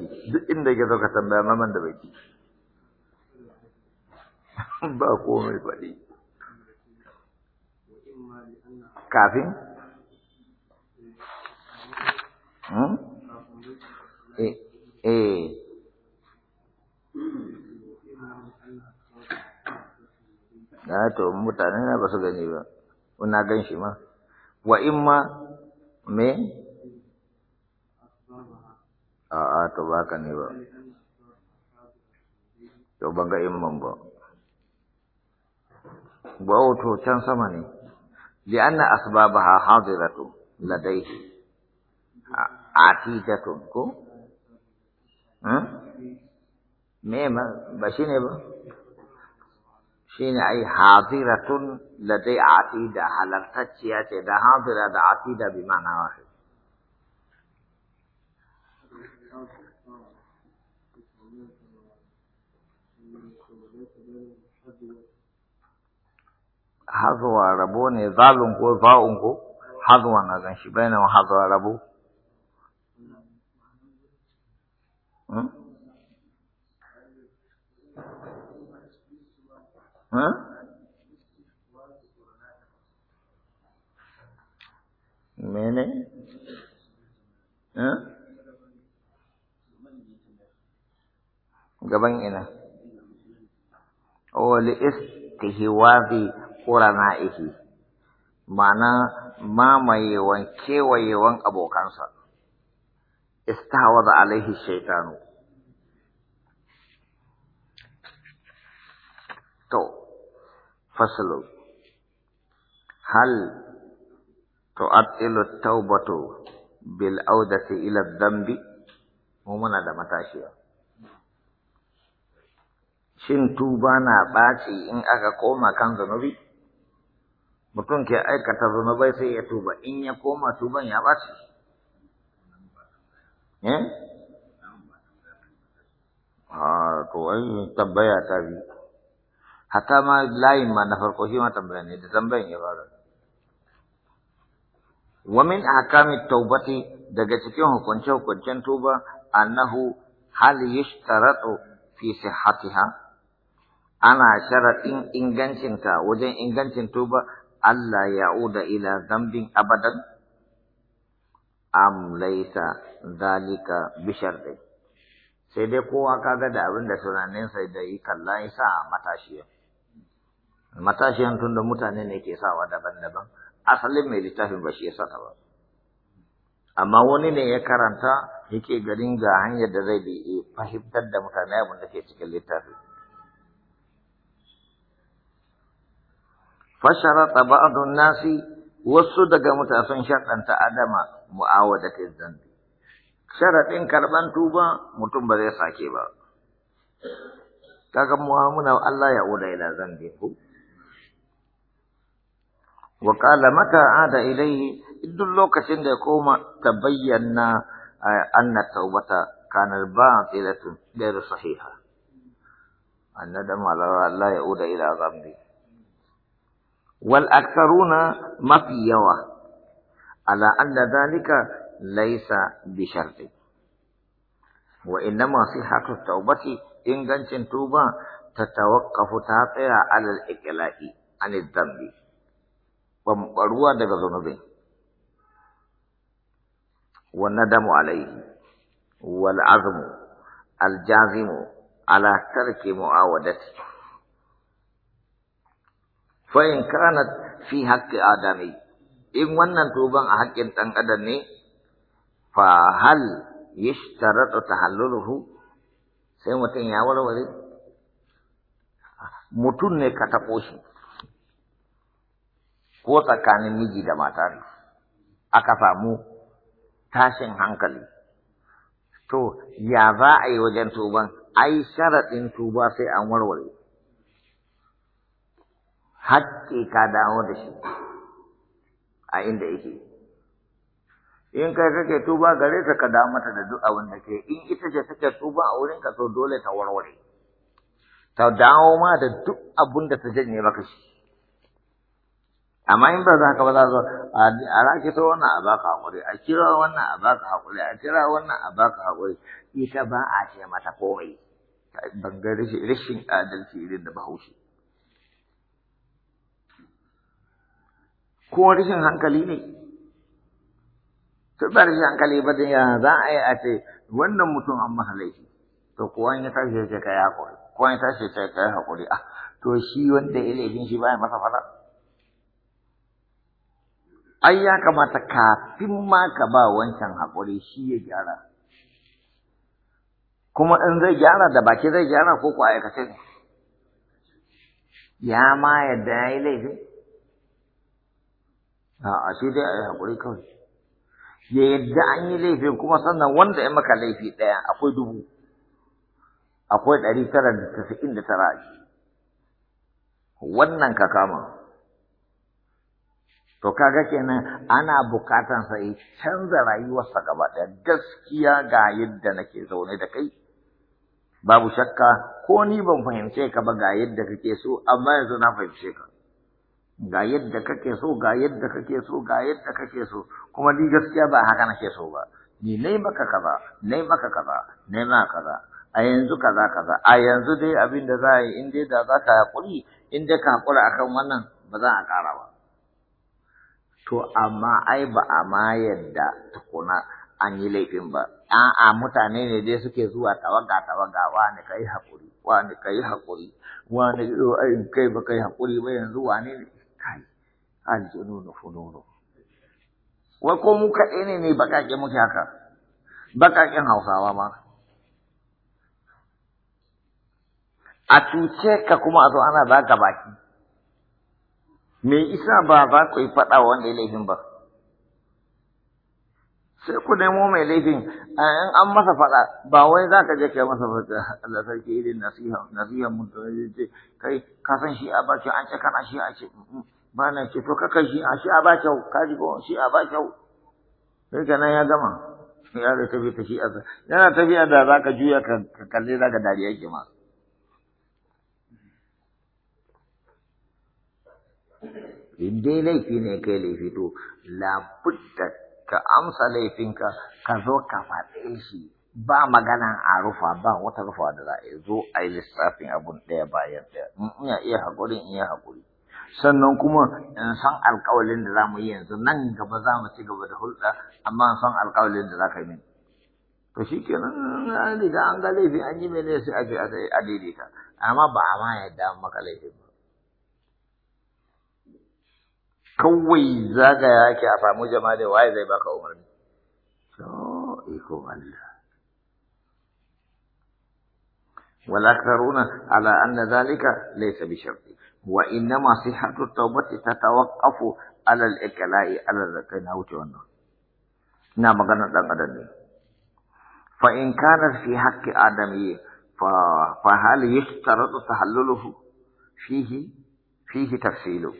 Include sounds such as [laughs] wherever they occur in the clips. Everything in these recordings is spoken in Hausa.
baki duk inda yake zo tambaya maman da baki [laughs] ba komai faɗi kafin hmm? eh, eh na to mutane na ba su gani ba una gan shi ma wa imma me a'a to ba ka ne ba to ban ga imman ba ba to can sama ne li anna asbabaha hadiratu ladayhi atidatun ko me ma ba shi ne ba shi ne ai hadiratun ladai atida halartacciya ce da hadira da atida bi ma'ana wahid hazuwa rabo ne zalun ko fa'un ko hazuwa na shi bayanan hazuwa rabo hmm? Hmm? mene? Hmm? gaban ina o oh, li istihwazi qurana'ihi ma'ana mamayewan kewayewan abokansa istahwaza alaihi shaitanu to fasalu hal to atilu taubatu bil audati ila dhanbi mu muna da matashiya shin tuba na ɓaci in aka koma kan zunubi mutum ke aikata zunubai sai ya tuba in ya koma tuban ya ɓaci eh a ah, to ai tambaya ta bi hatta ma layin ma na farko shi ma tambaya ne da tambayan ya fara ومن أحكام daga cikin hukunce hukuncen tuba annahu hal yashtaratu fi sihhatiha ana sharaɗin ka wajen ingancin tuba Allah uda ila zambin abadan am laisa zalika bishar dai. sai dai kowa kaga da abin da da yi kalla ya sa matashiyan matashiyan tun da mutane ne ke sawa daban-daban asalin mai littafin ba shi ya sata ba amma wani ne ya karanta yake garin ga hanyar da zai bi fahimtar da mutane abin da ke cikin littafin فشرط بعض الناس وصدق متاسن شرط انت ادم معاودة الذنب شرط ان كربان توبا متم بريسا كيبا كاكم مهامنا الله يعود الى ذنبه وقال متى عاد اليه ادو اللوكة شند يقوم تبينا آه، ان التوبة كان الباطلة غير صحيحة الندم على الله يعود الى ذنبه والأكثرون mafi yawa على أن ذلك ليس بشرط وإنما صحة التوبة إن كانت توبة تتوقف تاطع على الإقلاع عن الذنب ومقروا دغ والندم عليه والعزم الجازم على ترك معاودته fa in kanat fi haqqi adami in wannan tuban a haƙƙin ɗan adam ne fa hal yishtaratu tahalluluhu sai mutum ya warware mutum ne ka taɓo shi ko tsakanin miji da mata aka samu tashin hankali to ya za a yi wajen tuban ai sharaɗin tuba sai an warware haƙƙi ka dawo da shi a inda yake in kai kake tuba gare ta ka dawo mata da duk abin da ke in ita ce take tuba a wurin ka so dole ta warware ta dawo ma da duk abin da ta janye maka shi amma in ba za ka ba za zo a raki ta wannan a baka hakuri a kira wannan a baka hakuri a kira wannan a baka hakuri ita ba a ce mata komai ban ga rashin adalci irin da bahaushe ko rashin hankali ne tun ba rashin hankali ba da yana za a yi a ce wannan mutum an masa laifi to ko an ya tashi ce kai hakuri an ya tashi ce kai hakuri ah to shi wanda ya laifin shi baya masa fada ai ya kamata kafin ma ka ba wancan hakuri shi ya gyara kuma in zai gyara da baki zai gyara ko ko aikace ne ya ma yadda ya yi laifin A'a sai dai ayi yi haƙuri kawai. Ya yadda an yi laifi kuma sannan wanda ya maka laifi ɗaya akwai dubu, akwai ɗari tara da tasa'in da tara ake. Wannan ka kama. To kaga kenan ana bukatan sa ya canza rayuwarsa gaba ɗaya gaskiya ga yadda nake zaune da kai. Babu shakka ko ni ban fahimce ka ba ga yadda kake so amma yanzu na fahimce ka. ga yadda kake so ga yadda kake so ga yadda kake so kuma ni gaskiya ba haka nake so ba ni nai maka kaza nai maka kaza nai maka kaza a yanzu kaza kaza a yanzu dai abin da za a yi in dai da za ka haƙuri in dai ka hakura akan wannan ba za a ƙara ba to amma ai ba a ma yadda tukuna an yi laifin ba a'a mutane ne dai suke zuwa tawaga tawaga wa ne kai haƙuri ne kai haƙuri wani kai ba kai haƙuri ba yanzu wa ne kai aljununu fununu wai ko mu kaɗai ne ne baƙaƙe muke haka baƙaƙen hausawa ma a cuce ka kuma a zo ana baka baki me isa ba za ku yi faɗa wanda ya laifin ba sai ku nemo mai laifin a in an masa faɗa ba wai za ka je kai masa faɗa Allah sarki irin nasiha nasiha mun to ce kai ka san shi a bakin an ce kana shi a ce ba na ce to kakan shi a shi a ba ka ji ko shi a ba kyau sai kana ya gama ya da tafi ta shi a yana tafiya da za ka juya ka kalle za ka dariya yake ma in dai laifi ne kai laifi to labudda ka amsa laifinka ka zo ka faɗe shi ba magana a rufa ba wata rufa da za a zo a yi lissafin abun ɗaya bayan ɗaya in ina iya haƙuri in iya haƙuri sannan kuma in san alƙawalin da za mu yi yanzu nan gaba za mu ci gaba da hulɗa amma in san alƙawalin da za ka yi min to shi kenan an riga an ga laifin an yi mene sai a je a daidaita amma ba a ma yadda maka laifin ba kawai zagaya yake a samu jama'a da waye zai baka umarni to iko Allah والأكثرون على أن ذلك ليس بشرط وإنما صحة التوبة تتوقف على الإكلاء على التناوت والنوم نعم قدرني فإن كانت في حق آدمي فهل يشترط تحلله فيه فيه تفصيله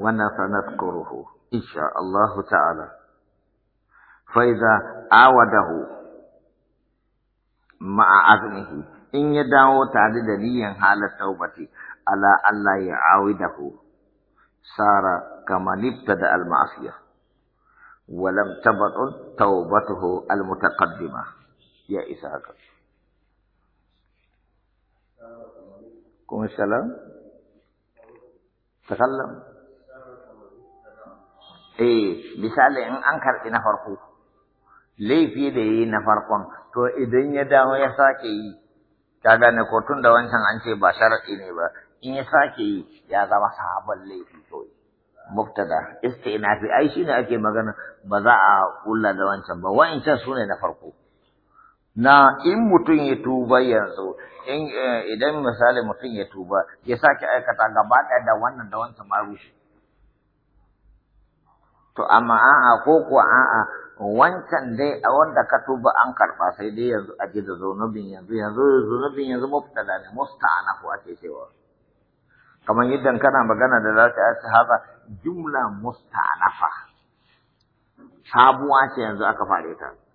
وسنذكره إن شاء الله تعالى فإذا عاوده مع عزمه إن يدعو تعدد ليا حال التوبة على ألا يعاوده صار كما ابتدأ المعصية ولم تبطل توبته المتقدمة يا إسحاق كم السلام تكلم eh misali in an karɓi na farko laifi da yi na farkon to idan ya dawo ya sake yi ta gane ko tun da wancan an ce ba sharaɗi ne ba in ya sake yi ya zama sahabban laifi iska ina fi ai shi ne ake magana ba za a kulla da wancan ba su sune na farko na in mutum ya tuba yanzu eh, idan misali mutum ya tuba ya sake aikata gaba ɗaya da wannan da wancan ma rushe To amma a'a ko kuwa a'a wancan dai a wanda ka tuba an karɓa sai dai yanzu a ji da zunubin yanzu yanzu zunubin yanzu mubtada ne ko ake cewa. Kamar yadda kana magana da za ta yi haza jumla fa. Sabuwa ce yanzu aka fare ta.